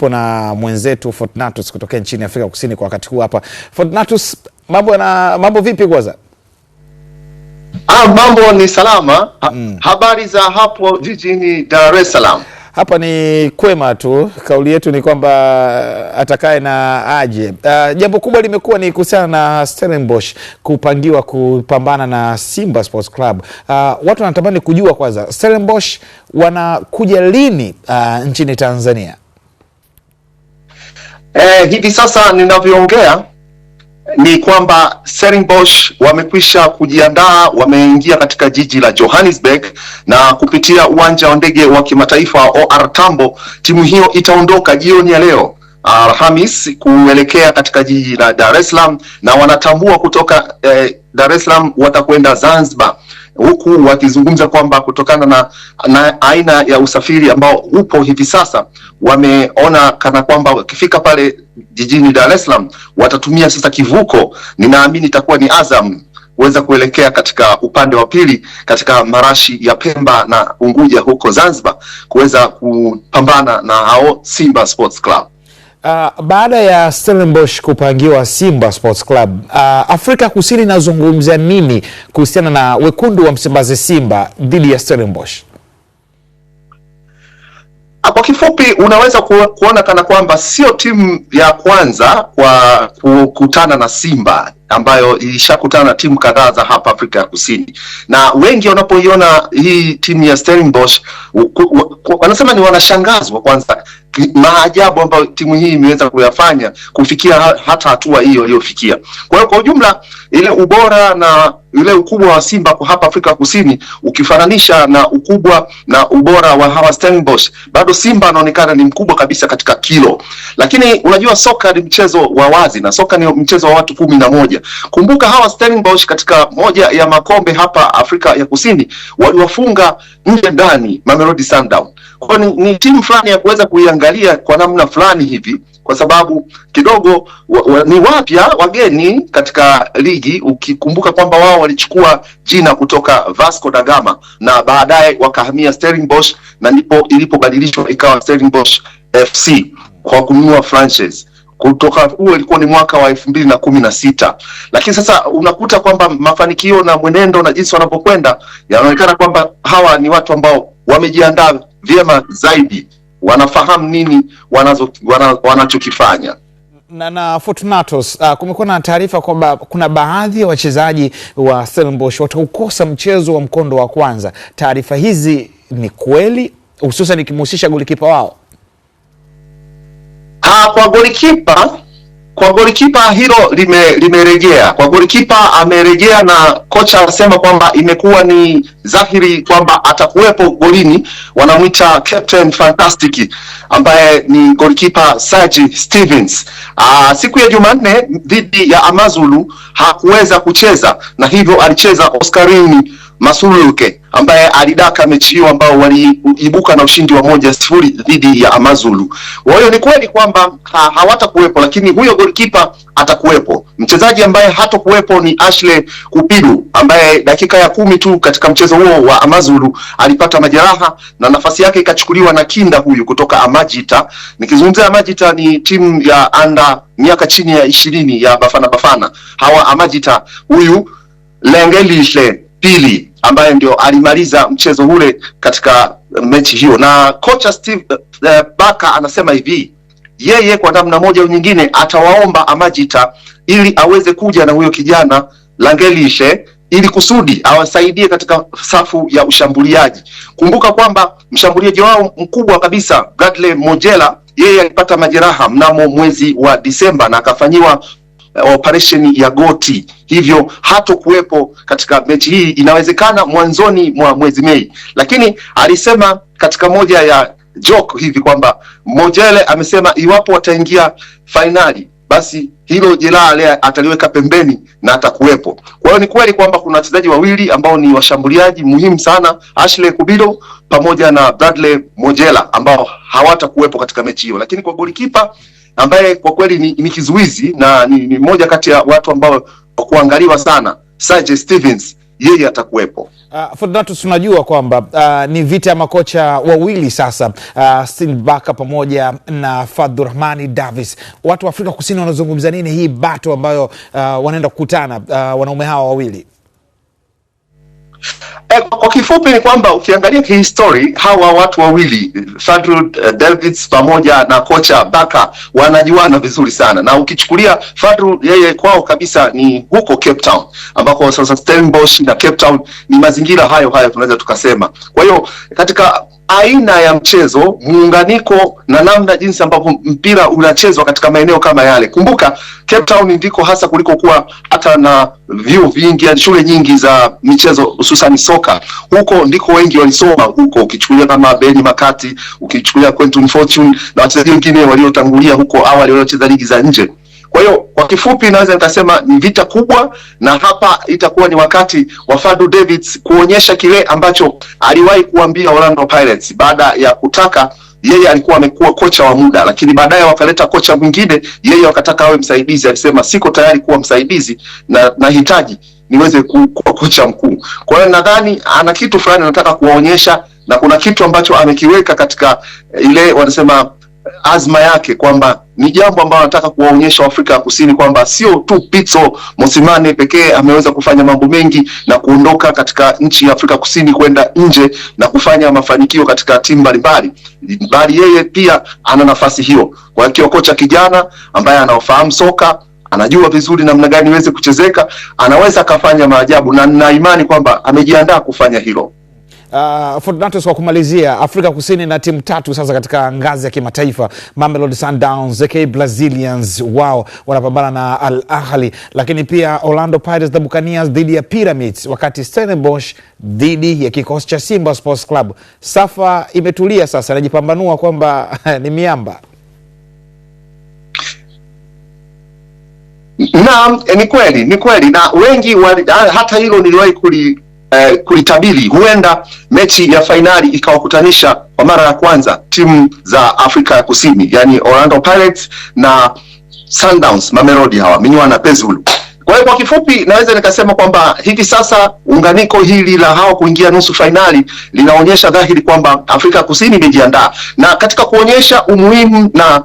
Tupo na mwenzetu Fortunatus kutokea nchini Afrika Kusini kwa wakati huu hapa. Fortunatus, mambo na mambo vipi kwanza? Ah, mambo ni salama. Ha, mm. Habari za hapo jijini Dar es Salaam? Hapa ni kwema tu. Kauli yetu ni kwamba uh, atakaye na aje. Uh, jambo kubwa limekuwa ni kuhusiana na Stellenbosch kupangiwa kupambana na Simba Sports Club. Uh, watu wanatamani kujua kwanza Stellenbosch wanakuja lini uh, nchini Tanzania? Eh, hivi sasa ninavyoongea ni kwamba Stellenbosch wamekwisha kujiandaa, wameingia katika jiji la Johannesburg na kupitia uwanja wa ndege wa kimataifa OR Tambo, timu hiyo itaondoka jioni ya leo Alhamis kuelekea katika jiji la Dar es Salaam, na wanatambua kutoka eh, Dar es Salaam watakwenda Zanzibar huku wakizungumza kwamba kutokana na, na aina ya usafiri ambao upo hivi sasa wameona kana kwamba wakifika pale jijini Dar es Salaam watatumia sasa kivuko, ninaamini itakuwa ni Azam weza kuelekea katika upande wa pili katika marashi ya Pemba na Unguja huko Zanzibar kuweza kupambana na hao Simba Sports Club. Uh, baada ya Stellenbosch kupangiwa Simba Sports Club, uh, Afrika Kusini inazungumzia nini kuhusiana na wekundu wa Msimbazi Simba dhidi ya Stellenbosch? Ah, kwa kifupi, unaweza kuona kana kwamba sio timu ya kwanza kwa kukutana na Simba ambayo ilishakutana na timu kadhaa za hapa Afrika ya Kusini, na wengi wanapoiona hii timu ya Stellenbosch wanasema ni wanashangazwa kwanza maajabu ambayo timu hii imeweza kuyafanya kufikia hata hatua hiyo iliyofikia. Kwa hiyo kwa ujumla, ile ubora na ile ukubwa wa Simba kwa hapa Afrika Kusini ukifananisha na ukubwa na ubora wa hawa Stellenbosch, bado Simba anaonekana ni mkubwa kabisa katika kilo. Lakini unajua soka ni mchezo wa wazi na soka ni mchezo wa watu kumi na moja. Kumbuka hawa Stellenbosch katika moja ya makombe hapa Afrika ya Kusini waliwafunga nje ndani Mamelodi Sundowns. Kwa ni, ni timu fulani ya kuweza kuiangalia kwa namna fulani hivi kwa sababu kidogo wa, wa, ni wapya wageni katika ligi, ukikumbuka kwamba wao walichukua jina kutoka Vasco da Gama na baadaye wakahamia Stellenbosch na ndipo ilipobadilishwa ikawa Stellenbosch FC kwa kununua franchise kutoka huo ilikuwa ni mwaka wa elfu mbili na kumi na sita lakini sasa unakuta kwamba mafanikio na mwenendo na jinsi wanavyokwenda yanaonekana kwamba hawa ni watu ambao wamejiandaa vyema zaidi, wanafahamu nini wanachokifanya na, na fortunatos uh, ah, kumekuwa na taarifa kwamba kuna baadhi ya wa wachezaji wa Stellenbosch wataukosa mchezo wa mkondo wa kwanza. Taarifa hizi ni kweli, hususan ikimhusisha golikipa wao? Uh, kwa golikipa kwa golikipa hilo limerejea kwa golikipa amerejea, na kocha anasema kwamba imekuwa ni dhahiri kwamba atakuwepo golini. Wanamwita Captain Fantastic ambaye ni golikipa Saji Stevens. Aa, ah, siku ya Jumanne dhidi ya Amazulu hakuweza kucheza na hivyo alicheza Oscarini Masuluke ambaye alidaka mechi hiyo ambao waliibuka na ushindi wa moja sifuri dhidi ya Amazulu. Kwa hiyo ni kweli kwamba ha, hawatakuwepo lakini huyo goalkeeper atakuwepo. Mchezaji ambaye hatakuwepo ni Ashley Kupidu ambaye dakika ya kumi tu katika mchezo huo wa Amazulu alipata majeraha na nafasi yake ikachukuliwa na Kinda huyu kutoka Amajita. Nikizungumzia Amajita ni timu ya anda miaka chini ya ishirini ya Bafana Bafana. Hawa Amajita huyu Lengelihle pili ambaye ndio alimaliza mchezo ule katika eh, mechi hiyo. Na kocha Steve uh, eh, eh, Baka anasema hivi, yeye kwa namna moja au nyingine atawaomba Amajita ili aweze kuja na huyo kijana Langelishe ili kusudi awasaidie katika safu ya ushambuliaji. Kumbuka kwamba mshambuliaji wao mkubwa kabisa Bradley Mojela yeye alipata majeraha mnamo mwezi wa Disemba na akafanyiwa Eh, operation ya goti, hivyo hatokuwepo katika mechi hii, inawezekana mwanzoni mwa mwezi Mei. Lakini alisema katika moja ya joke hivi kwamba Mojele amesema iwapo wataingia fainali basi hilo jeraha leo ataliweka pembeni na atakuwepo. Kwa hiyo ni kweli kwamba kuna wachezaji wawili ambao ni washambuliaji muhimu sana, Ashley Kubido pamoja na Bradley Mojela ambao hawatakuwepo katika mechi hiyo, lakini kwa golikipa ambaye kwa kweli ni, ni kizuizi na ni, ni moja kati ya watu ambao wa kuangaliwa sana Sage Stevens yeye atakuwepo. Uh, Fortunatus tunajua kwamba uh, ni vita ya makocha wawili sasa, uh, ah, Steven Baka pamoja na Fadhurahmani Davis. Watu wa Afrika Kusini wanazungumza nini hii bato ambayo uh, wanaenda kukutana uh, wanaume hawa wawili? E, kwa kifupi ni kwamba ukiangalia kihistori hawa watu wawili Fadlu eh, Davids pamoja na kocha Baka wanajuana vizuri sana, na ukichukulia Fadlu yeye kwao kabisa ni huko Cape Town ambako sasa Stellenbosch na Cape Town ni mazingira hayo hayo tunaweza tukasema. Kwa hiyo katika aina ya mchezo, muunganiko na namna jinsi ambavyo mpira unachezwa katika maeneo kama yale. Kumbuka Cape Town ndiko hasa kuliko kuwa hata na vyuo vingi, shule nyingi za michezo hususani soka. Huko ndiko wengi walisoma huko, ukichukulia kama Beni Makati, ukichukulia Quentin Fortune na wachezaji wengine waliotangulia huko awali waliocheza ligi za nje. Kwa hiyo kwa kifupi, naweza nikasema ni vita kubwa, na hapa itakuwa ni wakati wa Fadu Davids kuonyesha kile ambacho aliwahi kuambia Orlando Pirates baada ya kutaka yeye alikuwa amekuwa kocha wa muda, lakini baadaye wakaleta kocha mwingine, yeye wakataka awe msaidizi. Alisema siko tayari kuwa msaidizi na nahitaji niweze kuwa kocha mkuu. Kwa hiyo nadhani ana kitu fulani anataka kuwaonyesha, na kuna kitu ambacho amekiweka katika ile wanasema azma yake kwamba ni jambo ambalo anataka kuwaonyesha afrika ya Kusini kwamba sio tu Pitso Mosimane pekee ameweza kufanya mambo mengi na kuondoka katika nchi ya Afrika Kusini kwenda nje na kufanya mafanikio katika timu mbalimbali, bali yeye pia ana nafasi hiyo. Kwa hiyo kocha kijana ambaye anaofahamu soka anajua vizuri namna gani iweze kuchezeka, anaweza akafanya maajabu na nina imani kwamba amejiandaa kufanya hilo. Uh, Fortunatus, kwa kumalizia, Afrika Kusini na timu tatu sasa katika ngazi ya kimataifa, Mamelodi Sundowns, ZK Brazilians wao wanapambana na Al Ahly, lakini pia Orlando Pirates the Buccaneers dhidi ya Pyramids, wakati Stellenbosch dhidi ya kikosi cha Simba Sports Club. Safa imetulia sasa, inajipambanua kwamba ni miamba. Naam, ni kweli, ni kweli na wengi wali, hata hilo niliwahi kuli eh, kuitabiri huenda mechi ya fainali ikawakutanisha kwa mara ya kwanza timu za Afrika ya Kusini, yani Orlando Pirates na Sundowns Mamelodi, hawa Manywana Pezulu. Kwa hiyo kwa kifupi, naweza nikasema kwamba hivi sasa unganiko hili la hawa kuingia nusu fainali linaonyesha dhahiri kwamba Afrika Kusini imejiandaa, na katika kuonyesha umuhimu na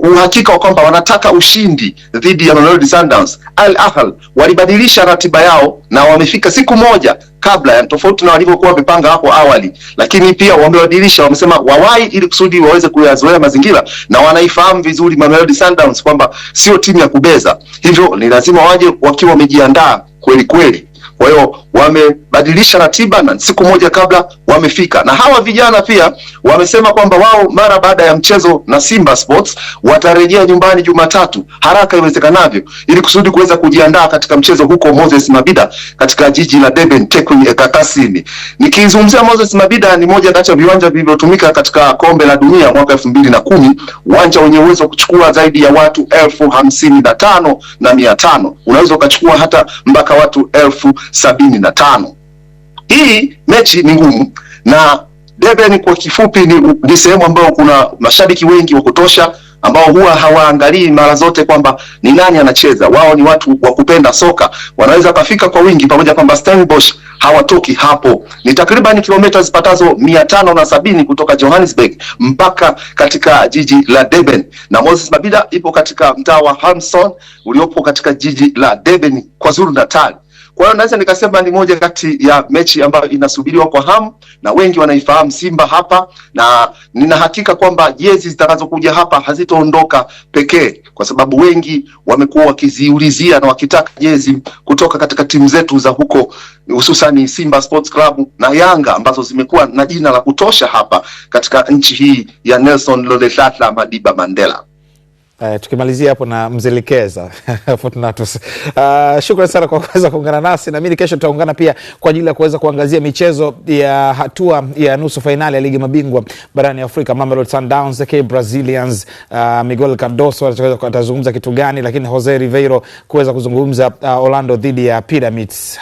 uh, uhakika wa kwamba wanataka ushindi dhidi ya Mamelodi Sundowns, Al ahl walibadilisha ratiba yao na wamefika siku moja kabla ya tofauti na walivyokuwa wamepanga hapo awali, lakini pia wamewadirisha wamesema wawai ili kusudi waweze kuyazoea mazingira, na wanaifahamu vizuri Mamelodi Sundowns kwamba sio timu ya kubeza, hivyo ni lazima waje wakiwa wamejiandaa kweli kweli. Kwa hiyo wamebadilisha ratiba na siku moja kabla wamefika. Na hawa vijana pia wamesema kwamba wao mara baada ya mchezo na Simba Sports watarejea nyumbani Jumatatu haraka iwezekanavyo, ili kusudi kuweza kujiandaa katika mchezo huko Moses Mabida katika jiji la Durban Tekwini eh, Nikizungumzia Moses Mabida, ni moja kati ya viwanja vilivyotumika katika kombe la dunia mwaka elfu mbili na kumi, uwanja wenye uwezo kuchukua zaidi ya watu elfu hamsini na tano na mia tano unaweza ukachukua hata mpaka watu elfu sabini na na tano. Hii mechi ni ngumu na Deben kwa kifupi ni, ni sehemu ambayo kuna mashabiki wengi wa kutosha ambao huwa hawaangalii mara zote kwamba ni nani anacheza. Wao ni watu wa kupenda soka, wanaweza kafika kwa wingi, pamoja kwamba Stellenbosch hawatoki hapo. Ni takriban kilomita zipatazo mia tano na sabini kutoka Johannesburg mpaka katika jiji la Durban, na Moses Mabida ipo katika mtaa wa Hamson uliopo katika jiji la Durban, KwaZulu Natal. Kwa hiyo naweza nikasema ni moja kati ya mechi ambayo inasubiriwa kwa hamu na wengi wanaifahamu Simba hapa, na nina hakika kwamba jezi zitakazokuja hapa hazitoondoka pekee, kwa sababu wengi wamekuwa wakiziulizia na wakitaka jezi kutoka katika timu zetu za huko, hususani Simba Sports Club na Yanga ambazo zimekuwa na jina la kutosha hapa katika nchi hii ya Nelson Rolihlahla Madiba Mandela. Uh, tukimalizia hapo na mzelekeza Fortunatus. Uh, ah, shukrani sana kwa kuweza kuungana nasi, na mimi kesho tutaungana pia kwa ajili ya kuweza kuangazia michezo ya hatua ya nusu fainali ya ligi mabingwa barani Afrika, Mamelodi Sundowns k Brazilians. Uh, Miguel Cardoso atazungumza kitu gani, lakini Jose Riveiro kuweza kuzungumza uh, Orlando dhidi ya Pyramids.